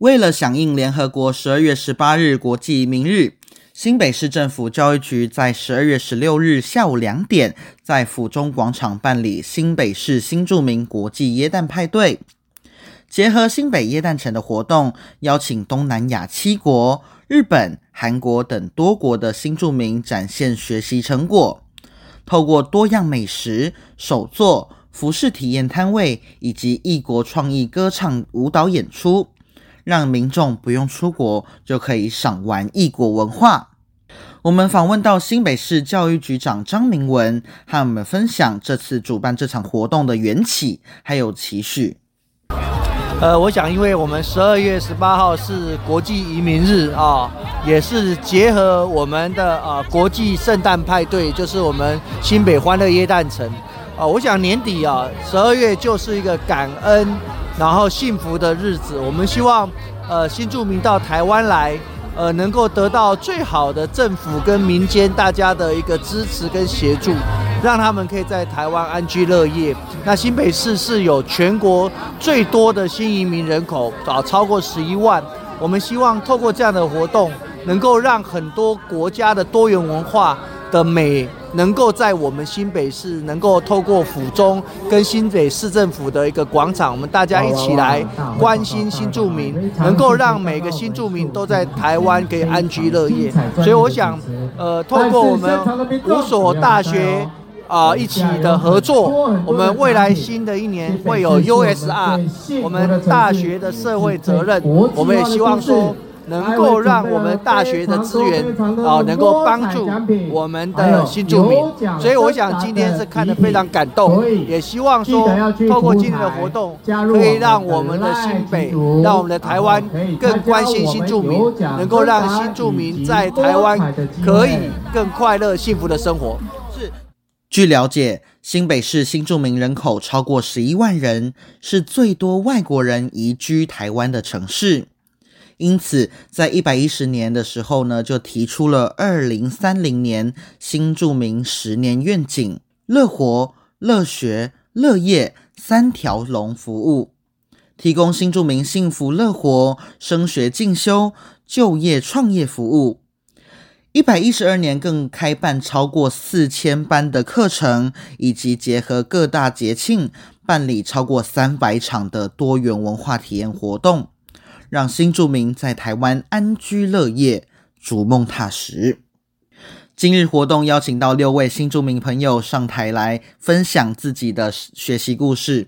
為了響應聯合國十二月十八日國際移民日，新北市政府教育局在十二月十六日下午兩點，在府中廣場辦理新北市新住民國際耶誕派對，結合新北耶誕城的活動，邀請東南亞七國、日本、韓國等多國的新住民展現學習成果，透過多樣美食、手作、服飾體驗攤位以及異國創意歌唱舞蹈演出。讓民眾不用出國就可以賞玩異國文化。我們訪問到新北市教育局長張明文，和我們分享這次主辦這場活動的緣起還有期許。呃，我想，因為我們十二月十八號是國際移民日啊、哦，也是結合我們的呃國際聖誕派對，就是我們新北歡樂耶誕城啊、呃。我想年底啊，十二月就是一個感恩。然後幸福的日子，我們希望，呃，新住民到台灣來，呃，能夠得到最好的政府跟民間大家的一個支持跟協助，讓他們可以在台灣安居樂業。那新北市是有全國最多的新移民人口，早、啊、超過十一萬。我們希望透過這樣的活動，能夠讓很多國家的多元文化的美。能夠在我們新北市，能夠透過府中跟新北市政府的一個廣場，我們大家一起來關心新住民，能夠讓每個新住民都在台灣可以安居樂業。所以我想，呃，透過我們五所大學啊，呃，一起的合作，我們未來新的一年會有 USR，我們大學的社會責任，我們也希望說，能夠讓我們大學的資源的啊，能夠幫助我們的新住民，有有，所以我想今天是看得非常感動，以也希望說，透過今天的活動，可以讓我們的新北，讓我們的台灣更關心新住民，啊、能夠讓新住民在台灣可以更快樂、快樂幸福的生活。是，據了解，新北市新住民人口超過十一萬人，是最多外國人移居台灣的城市。因此，在一百一十年的時候呢，就提出了二零三零年新住民十年願景，樂活、樂學、樂業三條龍服務，提供新住民幸福樂活、升學進修、就業創業服務。一百一十二年更開辦超過四千班的課程，以及結合各大節慶辦理超過三百場的多元文化體驗活動。讓新住民在台灣安居樂業、逐夢踏實。今日活動邀請到六位新住民朋友上台來分享自己的學習故事，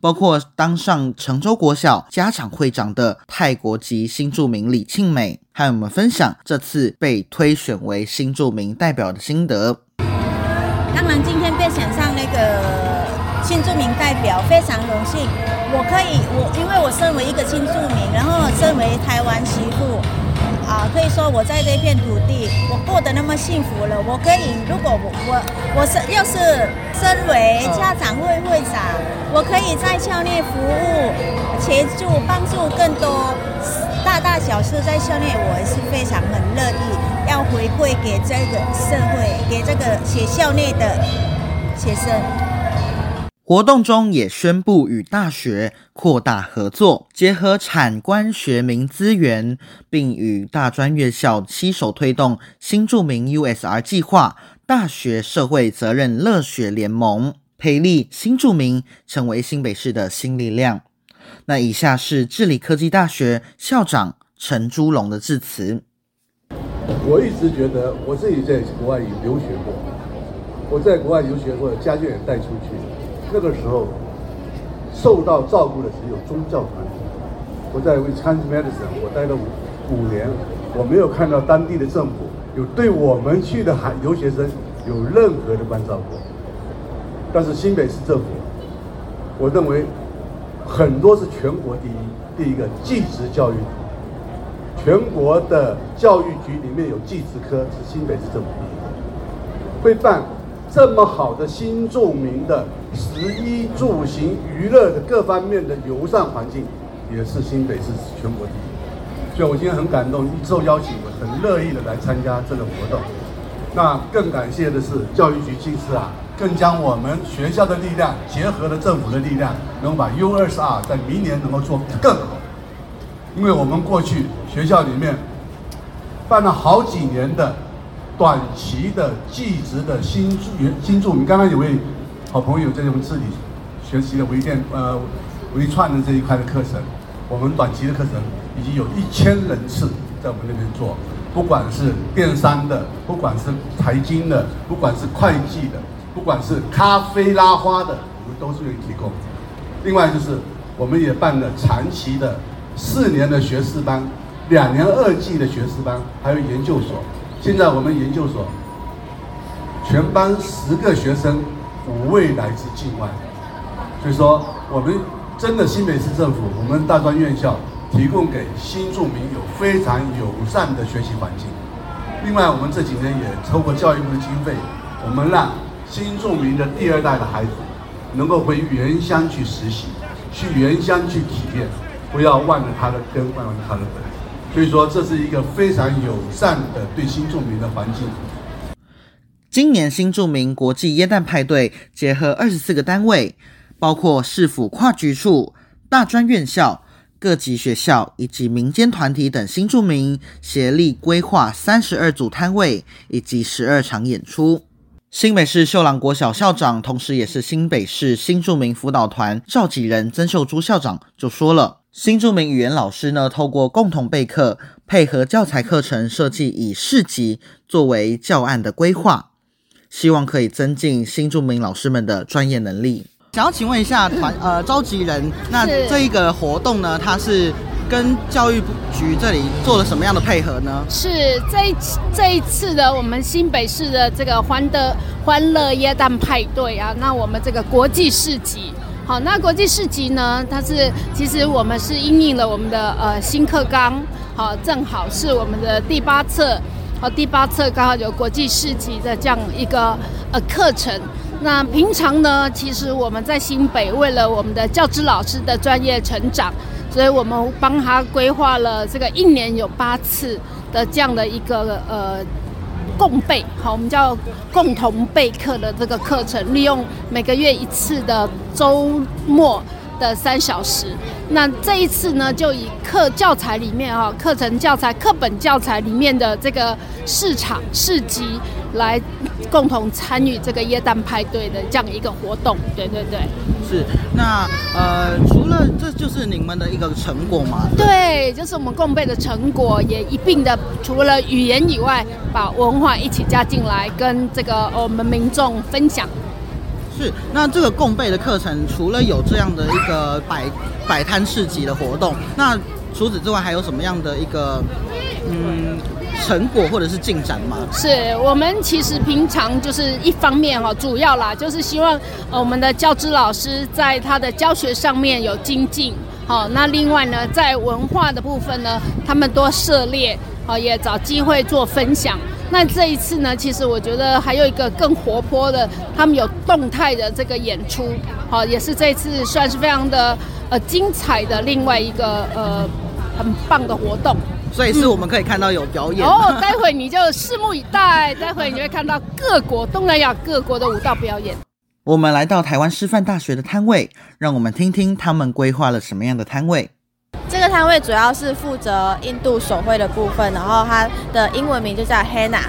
包括當上成州國小家長會長的泰國籍新住民李慶美，還有我們分享這次被推選為新住民代表的心得。當然，今天被選上那個。新住民代表非常榮幸，我可以，我因為我身為一個新住民，然後身為台灣媳婦，啊，可以說我在這片土地，我過得那麼幸福了。我可以，如果我我我是要是身為家長會會長，我可以在校內服務、協助、幫助更多大大小事在校內，我也是非常很樂意要回饋給這個社會，給這個學校內的學生。活動中也宣布與大學擴大合作，結合產官學民資源，並與大專院校攜手推動新住民 USR 計劃、大學社會責任樂學聯盟，培力新住民成為新北市的新力量。那以下是致理科技大學校長陳珠龍的致辭。我一直覺得我自己在國外留學過，我在國外留學過，家眷也帶出去。那個時候，受到照顧的只有宗教團體。我在一位 Chinese medicine 我待了五,五年，我沒有看到當地的政府有對我們去的海留學生有任何的關照過。但是新北市政府，我認為很多是全國第一。第一個，技職教育，全國的教育局裡面有技職科是新北市政府會辦。這麼好的新著名的食衣住行娛樂的各方面的友善環境，也是新北市全國第一，所以我今天很感動，受邀請我很樂意的來參加這個活動。那更感謝的是教育局這次啊，更將我們學校的力量結合了政府的力量，能把 U 二十二在明年能夠做得更好，因為我們過去學校裡面辦了好幾年的。短期的、技職的新住民、新住，我們剛剛有位好朋友在我們這裡學習了微店、呃、微創的這一塊的課程。我們短期的課程已經有一千人次在我們那邊做，不管是電商的，不管是財經的，不管是會計的，不管是咖啡拉花的，我們都是願意提供。另外就是，我們也辦了長期的、四年的學士班、兩年二季的學士班，還有研究所。現在我們研究所全班十個學生，五位來自境外，所以說我們真的新北市政府，我們大專院校提供給新住民有非常友善的學習環境。另外，我們這幾年也透過教育部的經費，我們讓新住民的第二代的孩子能夠回原鄉去實習，去原鄉去體驗，不要忘了他的根，忘了他的本。所以說，這是一個非常友善的對新住民的環境。今年新住民國際耶誕派對結合二十四個單位，包括市府跨局處、大專院校、各級學校以及民間團體等新住民，協力規劃三十二組攤位以及十二場演出。新北市秀朗國小校長，同時也是新北市新住民輔導團召集人曾秀珠校長就說了。新住民語言老師呢，透過共同備課，配合教材課程設計，以市集作為教案的規劃，希望可以增進新住民老師們的專業能力。想要請問一下團呃召集人，是那這一個活動呢，它是跟教育局這裡做了什麼樣的配合呢？是這一這一次的我們新北市的這個歡樂歡樂耶誕派對啊，那我們這個國際市集。好，那國際市集呢，它是其實我們是因應了我們的呃新課綱，好，哦，正好是我們的第八冊，好，哦，第八冊剛好有國際市集的這樣一個呃課程。那平常呢，其實我們在新北為了我們的教職老師的專業成長，所以我們幫他規劃了這個一年有八次的這樣的一個呃。共備，好，我們叫共同備課的這個課程，利用每個月一次的周末的三小時。那這一次呢，就以課教材裡面哈，課程教材課本教材裡面的這個市場市集來共同參與這個耶誕派對的這樣一個活動，對對對，是。那呃，除了這就是你們的一個成果嘛？對，對就是我們共備的成果，也一併的除了語言以外，把文化一起加進來，跟這個我們、哦、民眾分享。是。那這個共備的課程，除了有這樣的一個擺擺攤市集的活動，那除此之外還有什麼樣的一個嗯？嗯成果或者是進展嘛？是我們其實平常就是一方面哈，主要啦就是希望呃我們的教職老師在他的教學上面有精進，好，那另外呢，在文化的部分呢，他們多涉獵，哦，也找機會做分享。那這一次呢，其實我覺得還有一個更活潑的，他們有動態的這個演出，好，也是這次算是非常的呃精彩的另外一個呃很棒的活動。所以是，我們可以看到有表演哦。嗯 oh, 待會你就拭目以待，待會你就會看到各國東南亞各國的舞蹈表演。我們來到台灣師範大學的攤位，讓我們聽聽他們規劃了什麼樣的攤位。這個攤位主要是負責印度手繪的部分，然後它的英文名就叫 Henna。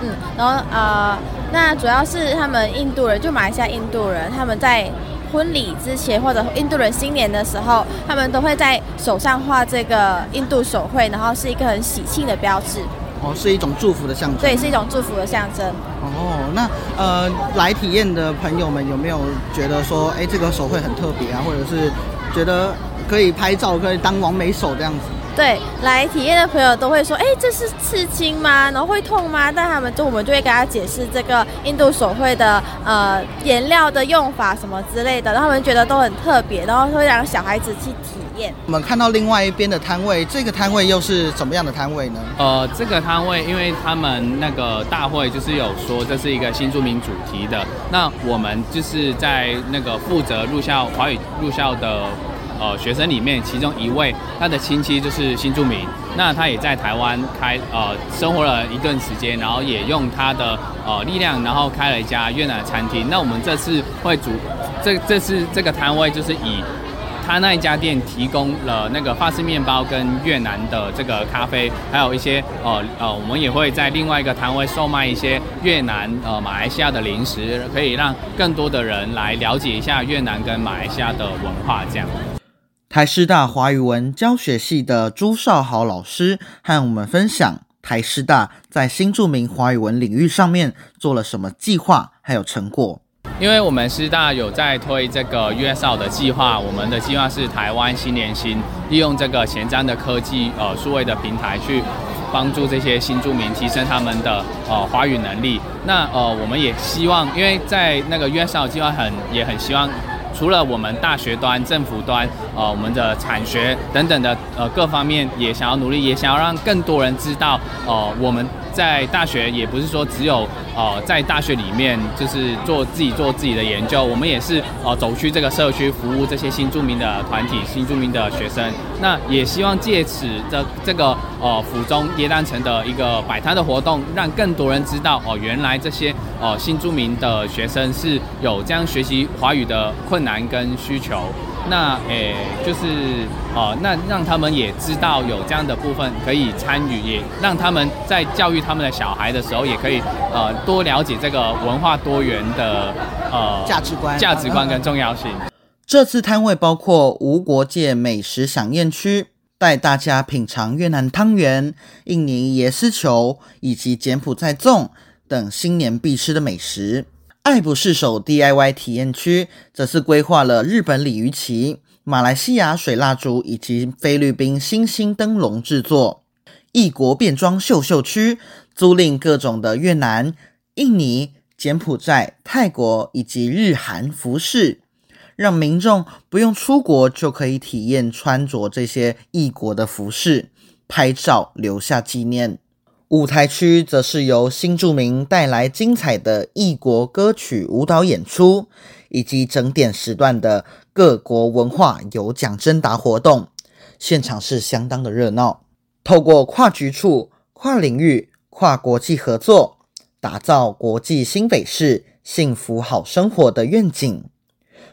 嗯，然後呃，那主要是他們印度人，就馬來西亞印度人，他們在。婚禮之前或者印度人新年的時候，他們都會在手上畫這個印度手繪，然後是一個很喜慶的標誌。哦，是一種祝福的象徵。對，是一種祝福的象徵。哦，哦，那呃，來體驗的朋友們有沒有覺得說，哎，這個手繪很特別啊？或者是覺得可以拍照，可以當完美手這樣子？對，來體驗的朋友都會說，哎，這是刺青嗎？然後會痛嗎？但他們就我們就會給他解釋這個印度手繪的呃顏料的用法什麼之類的，然後他們覺得都很特別，然後會讓小孩子去體驗。我們看到另外一邊的攤位，這個攤位又是什麼樣的攤位呢？呃，這個攤位，因為他們那個大會就是有說，這是一個新住民主題的，那我們就是在那個負責入校華語入校的。呃，學生裡面其中一位，他的親戚就是新住民，那他也在台灣開呃生活了一段時間，然後也用他的呃力量，然後開了一家越南餐廳。那我們這次會主，這這次這個攤位就是以他那一家店提供了那個法式麵包跟越南的這個咖啡，還有一些呃呃，我們也會在另外一個攤位售賣一些越南呃馬來西亞的零食，可以讓更多的人來了解一下越南跟馬來西亞的文化這樣。台師大華語文教學系的朱少豪老師和我們分享台師大在新住民華語文領域上面做了什麼計劃，還有成果。因為我們師大有在推這個 USR 的計劃，我們的計劃是台灣新連心利用這個前瞻的科技呃數位的平台去幫助這些新住民提升他們的呃華語能力。那呃我們也希望，因為在那個 USR 計劃很也很希望。除了我們大學端、政府端，呃，我們的產學等等的，呃，各方面也想要努力，也想要讓更多人知道，呃，我們。在大學也不是說只有呃，在大學裡面就是做自己做自己的研究，我們也是呃，走去這個社區服務這些新住民的團體、新住民的學生。那也希望借此這這個呃，府中耶誕城的一個擺攤的活動，讓更多人知道哦、呃，原來這些呃，新住民的學生是有這樣學習華語的困難跟需求。那誒、欸，就是。哦、呃，那讓他們也知道有這樣的部分可以參與，也讓他們在教育他們的小孩的時候，也可以呃多了解這個文化多元的呃價值觀價值觀跟重要性。嗯嗯、這次攤位包括無國界美食饗宴區，帶大家品嘗越南湯圓、印尼椰絲球以及柬埔寨粽等新年必吃的美食。愛不釋手 DIY 體驗區，則是規劃了日本鯉魚旗、馬來西亞水蠟燭以及菲律賓星星燈籠製作。異國變裝秀秀區，租賃各種的越南、印尼、柬埔寨、泰國以及日韓服飾，讓民眾不用出國就可以體驗穿着這些異國的服飾，拍照留下紀念。舞台區則是由新住民帶來精彩的異國歌曲舞蹈演出，以及整點時段的各國文化有獎徵答活動，現場是相當的熱鬧。透過跨局處、跨領域、跨國際合作，打造國際新北市幸福好生活的願景。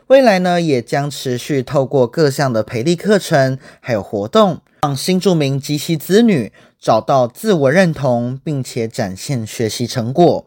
未來呢，也將持續透過各項的培力課程還有活動。讓新住民及其子女找到自我認同，並且展現學習成果，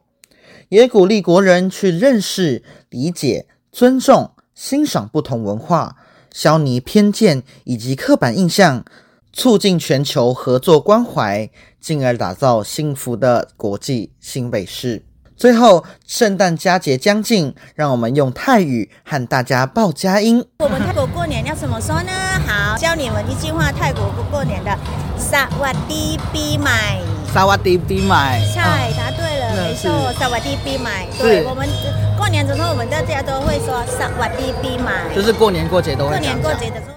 也鼓勵國人去認識、理解、尊重、欣賞不同文化，消弭偏見以及刻板印象，促進全球合作關懷，進而打造幸福的國際新北市。最後，聖誕佳節將近，讓我們用泰語和大家報佳音。我們泰國過年要怎麼說呢？好，教你們一句話，泰國不過年的“薩瓦迪比買。薩瓦迪比買對，答對了，沒錯，薩瓦迪比買。對，是我們過年之後，我們大家都會說薩瓦迪比買。就是過年過節都會。過年過節的時候。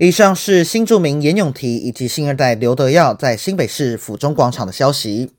以上是新住民閆永提以及新二代劉德耀在新北市府中廣場的消息。